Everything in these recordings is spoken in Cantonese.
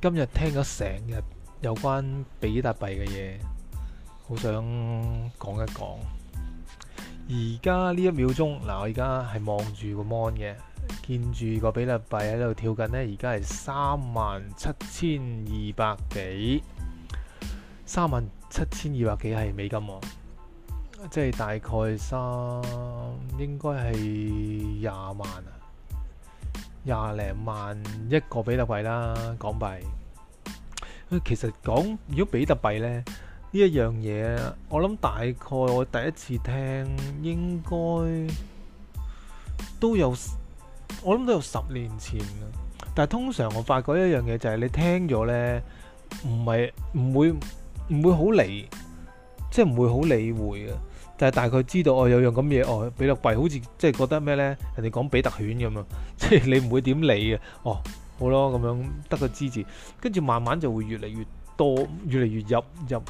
今日聽咗成日有關比特幣嘅嘢，好想講一講。而家呢一秒鐘，嗱、啊，我而家係望住個 mon 嘅，見住個比特幣喺度跳緊咧。呢而家係三萬七千二百幾，三萬七千二百幾係美金喎、啊，即係大概三，應該係廿萬啊！廿零萬一個比特幣啦，港幣。其實講，如果比特幣呢，呢一樣嘢，我諗大概我第一次聽應該都有，我諗都有十年前啦。但係通常我發覺一樣嘢就係，你聽咗呢，唔係唔會唔會好理，即係唔會好理會嘅。就係大概知道哦，有樣咁嘢哦，比特幣好似即係覺得咩呢？人哋講比特犬咁啊，即係你唔會點理嘅。哦，好咯，咁樣得個支持，跟住慢慢就會越嚟越多，越嚟越入入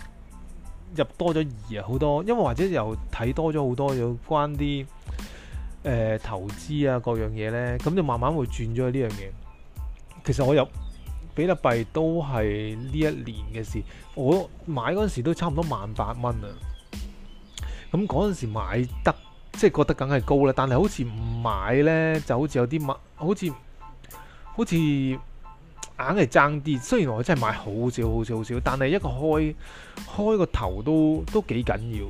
入多咗二啊，好多。因為或者又睇多咗好多有關啲誒、呃、投資啊各樣嘢呢，咁就慢慢會轉咗呢樣嘢。其實我入比特幣都係呢一年嘅事，我買嗰陣時都差唔多萬八蚊啊。咁嗰陣時買得即係覺得梗係高啦，但係好似唔買呢，就好似有啲乜，好似好似硬係爭啲。雖然我真係買好少、好少、好少，但係一個開開個頭都都幾緊要。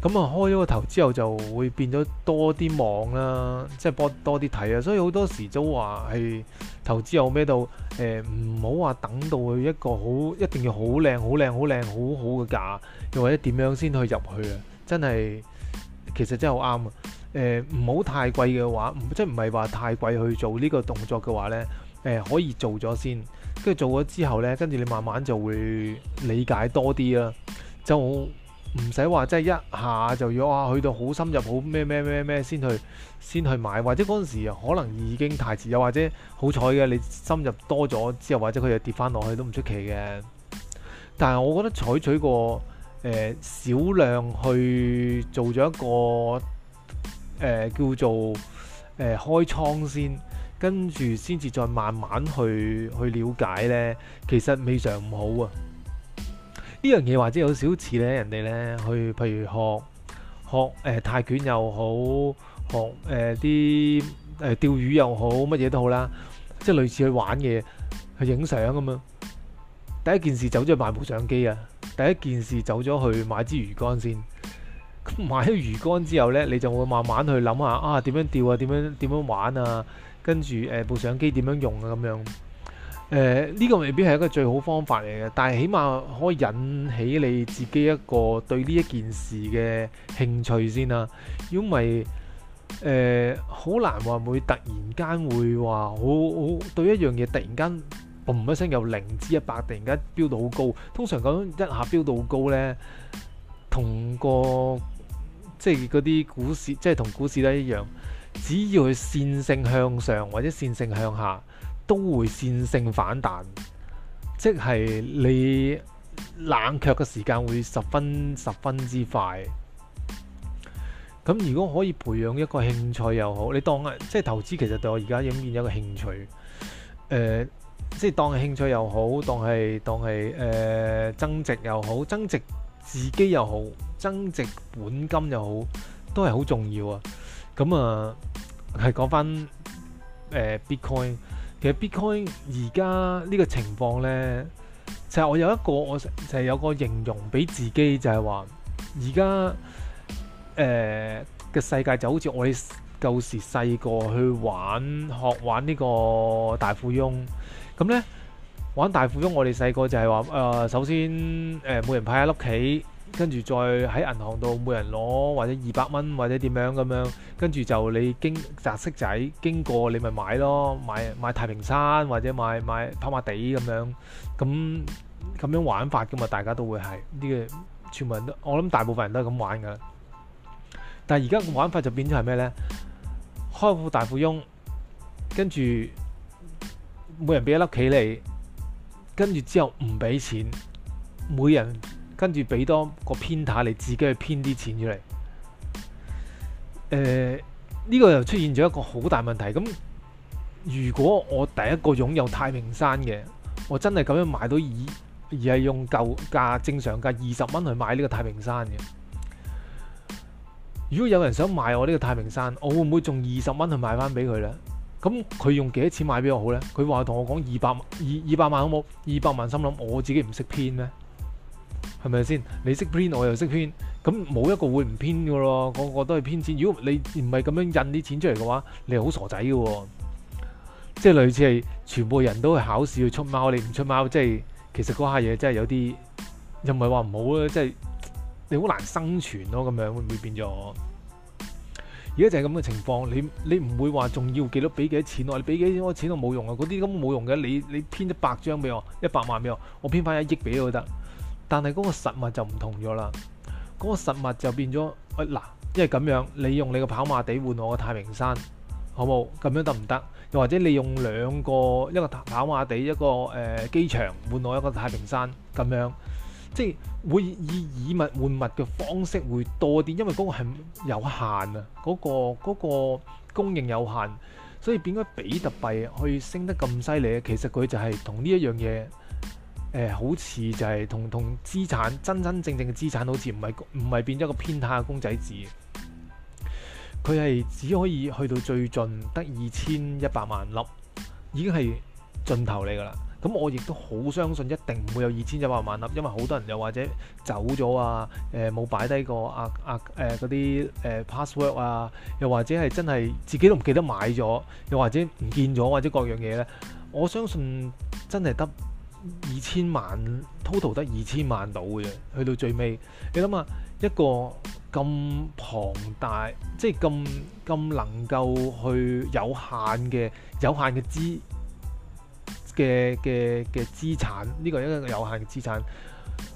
咁啊，開咗個頭之後就會變咗多啲望啦，即係多多啲睇啊。所以好多時都話係。投資有咩到？呃、唔好話等到一個好一定要好靚、好靚、好靚、好好嘅價，又或者點樣先去入去啊？真係其實真係好啱啊！呃、唔好太貴嘅話，即係唔係話太貴去做呢個動作嘅話呢、呃、可以做咗先，跟住做咗之後呢，跟住你慢慢就會理解多啲啦，就。唔使話，即係一下就要啊，去到好深入，好咩咩咩咩先去先去買，或者嗰陣時可能已經太遲，又或者好彩嘅，你深入多咗之後，或者佢又跌翻落去都唔出奇嘅。但係我覺得採取個誒少量去做咗一個、呃、叫做誒、呃、開倉先，跟住先至再慢慢去去了解呢。其實未嘗唔好啊。呢樣嘢或者有少少似咧人哋咧去，譬如學學誒、呃、泰拳又好，學誒啲誒釣魚又好，乜嘢都好啦，即係類似去玩嘢，去影相咁樣。第一件事走咗去買部相機啊，第一件事走咗去買支魚竿先。買咗魚竿之後呢，你就會慢慢去諗下啊，點樣釣啊，點樣點樣玩啊，跟住誒部相機點樣用啊咁樣。誒呢、呃這個未必係一個最好方法嚟嘅，但係起碼可以引起你自己一個對呢、啊呃、一件事嘅興趣先啦。如果唔係，誒好難話會突然間會話好好對一樣嘢突然間嘣一聲由零至一百，突然間飆到好高。通常咁一下飆到好高呢，同個即係嗰啲股市，即係同股市咧一樣，只要佢線性向上或者線性向下。都會線性反彈，即係你冷卻嘅時間會十分十分之快。咁如果可以培養一個興趣又好，你當即係投資，其實對我而家已經變咗一個興趣。呃、即係當係興趣又好，當係當係誒、呃、增值又好，增值自己又好，增值本金又好，都係好重要啊。咁啊，係講翻 Bitcoin。其實 Bitcoin 而家呢個情況呢，就係、係、我有一個我就係有個形容俾自己就，就係話而家誒嘅世界就好似我哋舊時細個去玩學玩呢個大富翁咁、嗯、呢，玩大富翁我哋細個就係話、呃、首先每、呃、人派一粒棋。跟住再喺銀行度每人攞或者二百蚊或者點樣咁樣，跟住就你經擲色仔經過你咪買咯，買買太平山或者買買跑馬地咁樣，咁咁樣玩法噶嘛，大家都會係呢個全民都我諗大部分人都係咁玩噶。但係而家嘅玩法就變咗係咩呢？開副大富翁，跟住每人俾一粒棋你，跟住之後唔俾錢，每人。跟住俾多個偏塔嚟自己去編啲錢出嚟，誒、呃、呢、這個又出現咗一個好大問題。咁如果我第一個擁有太平山嘅，我真係咁樣買到二而係用舊價正常價二十蚊去買呢個太平山嘅。如果有人想買我呢個太平山，我會唔會仲二十蚊去買翻俾佢呢？咁佢用幾多錢買俾我好呢？佢話同我講二百萬二二百萬好冇？二百萬心諗我自己唔識編呢？係咪先？你識編，我又識編，咁冇一個會唔編嘅咯。個個都係編錢。如果你唔係咁樣印啲錢出嚟嘅話，你係好傻仔嘅喎。即係類似係全部人都去考試要出貓，你唔出貓，即係其實嗰下嘢真係有啲又唔係話唔好啦，即係你好難生存咯。咁樣會唔會變咗？而家就係咁嘅情況。你你唔會話仲要幾多俾幾多錢我？你俾幾多錢我冇用啊！嗰啲根本冇用嘅。你你編一百張俾我一百萬俾我，我編返一億俾我都得。但係嗰個實物就唔同咗啦，嗰個實物就變咗，嗱，因為咁樣，你用你個跑馬地換我個太平山，好冇？咁樣得唔得？又或者你用兩個，一個跑馬地一個誒機場換我一個太平山咁樣，即係會以以物換物嘅方式會多啲，因為嗰個係有限啊，嗰個嗰個供應有限，所以變咗比特幣去升得咁犀利啊。其實佢就係同呢一樣嘢。呃、好似就係同同資產真真正正嘅資產好，好似唔係唔係，變咗一個偏袒嘅公仔紙。佢係只可以去到最盡，得二千一百萬粒，已經係盡頭嚟㗎啦。咁我亦都好相信，一定唔會有二千一百萬粒，因為好多人又或者走咗啊，冇擺低個啊啊嗰啲、呃呃、password 啊，又或者係真係自己都唔記得買咗，又或者唔見咗，或者各樣嘢呢。我相信真係得。二千萬 total 得二千萬到嘅啫，去到最尾，你諗下一個咁龐大，即係咁咁能夠去有限嘅有限嘅資嘅嘅嘅資產，呢個一個有限嘅資產，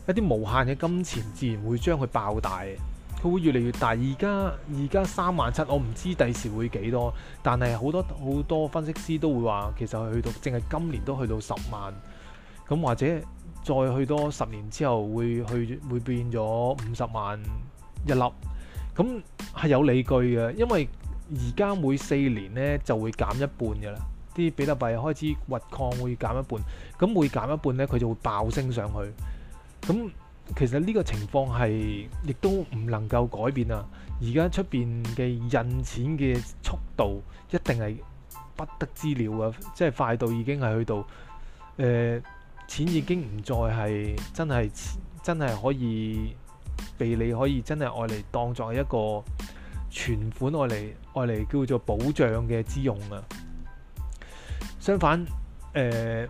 一啲無限嘅金錢自然會將佢爆大，佢會越嚟越大。而家而家三萬七，我唔知第時會幾多，多，但係好多好多分析師都會話，其實去到淨係今年都去到十萬。咁或者再去多十年之後，會去會變咗五十萬一粒，咁係有理據嘅，因為而家每四年呢就會減一半㗎啦，啲比特幣開始挖礦會減一半，咁每減一半呢，佢就會爆升上去。咁其實呢個情況係亦都唔能夠改變啊。而家出邊嘅印錢嘅速度一定係不得之了㗎，即係快到已經係去到誒。呃錢已經唔再係真係真係可以畀你可以真係愛嚟當作係一個存款愛嚟愛嚟叫做保障嘅之用啊！相反，誒、呃、誒、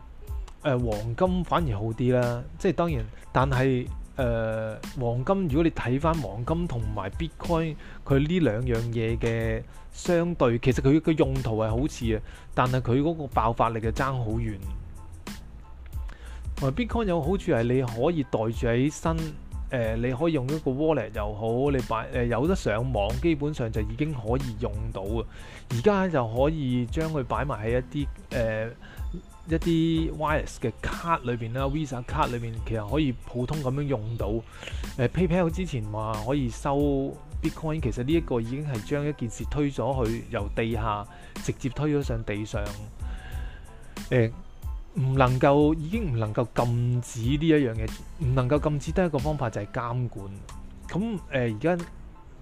呃、黃金反而好啲啦。即係當然，但係誒、呃、黃金如果你睇返黃金同埋 Bitcoin，佢呢兩樣嘢嘅相對，其實佢個用途係好似啊，但係佢嗰個爆發力就爭好遠。Bitcoin 有好處係你可以袋住喺身，誒、呃、你可以用一個 wallet 又好，你擺誒、呃、有得上網，基本上就已經可以用到啊！而家就可以將佢擺埋喺一啲誒、呃、一啲 wireless 嘅卡裏邊啦，Visa 卡裏面其實可以普通咁樣用到。誒、呃、PayPal 之前話可以收 Bitcoin，其實呢一個已經係將一件事推咗去由地下直接推咗上地上，誒、呃。唔能夠已經唔能夠禁止呢一樣嘢，唔能夠禁止得，一個方法就係監管。咁誒而家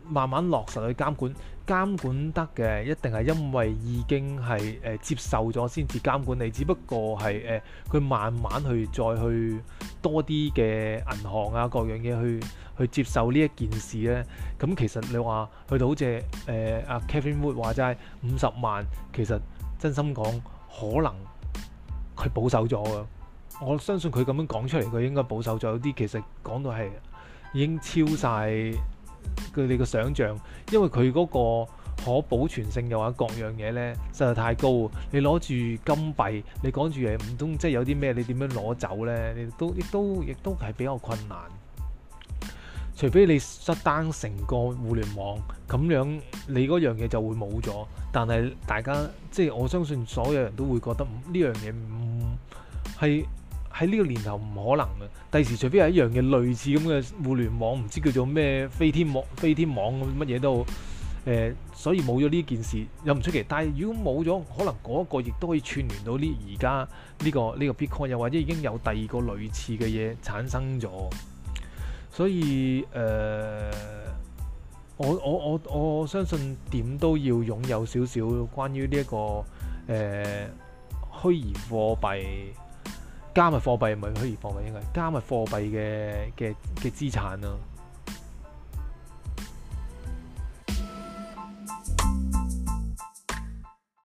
慢慢落實去監管，監管得嘅一定係因為已經係誒、呃、接受咗先至監管你。只不過係誒佢慢慢去再去多啲嘅銀行啊各樣嘢去去接受呢一件事呢。咁其實你話去到好似誒阿 Kevin Wood 話齋五十萬，其實真心講可能。佢保守咗啊。我相信佢咁樣講出嚟，佢應該保守咗有啲，其實講到係已經超晒佢哋嘅想象，因為佢嗰個可保存性又或者各樣嘢呢，實在太高。你攞住金幣，你講住嘢唔通，即係有啲咩你點樣攞走呢？亦都亦都亦都係比較困難，除非你失單成個互聯網咁樣，你嗰樣嘢就會冇咗。但係大家即係我相信所有人都會覺得呢樣嘢唔。係喺呢個年頭唔可能嘅。第時除非係一樣嘅類似咁嘅互聯網，唔知叫做咩飛天網、飛天網咁乜嘢都好、呃，所以冇咗呢件事又唔出奇。但係如果冇咗，可能嗰個亦都可以串聯到呢而家呢個呢、這個 Bitcoin，又或者已經有第二個類似嘅嘢產生咗。所以誒、呃，我我我我相信點都要擁有少少關於呢一個誒虛擬貨幣。呃加密貨幣唔係虛擬貨幣，應該係加密貨幣嘅嘅嘅資產啊！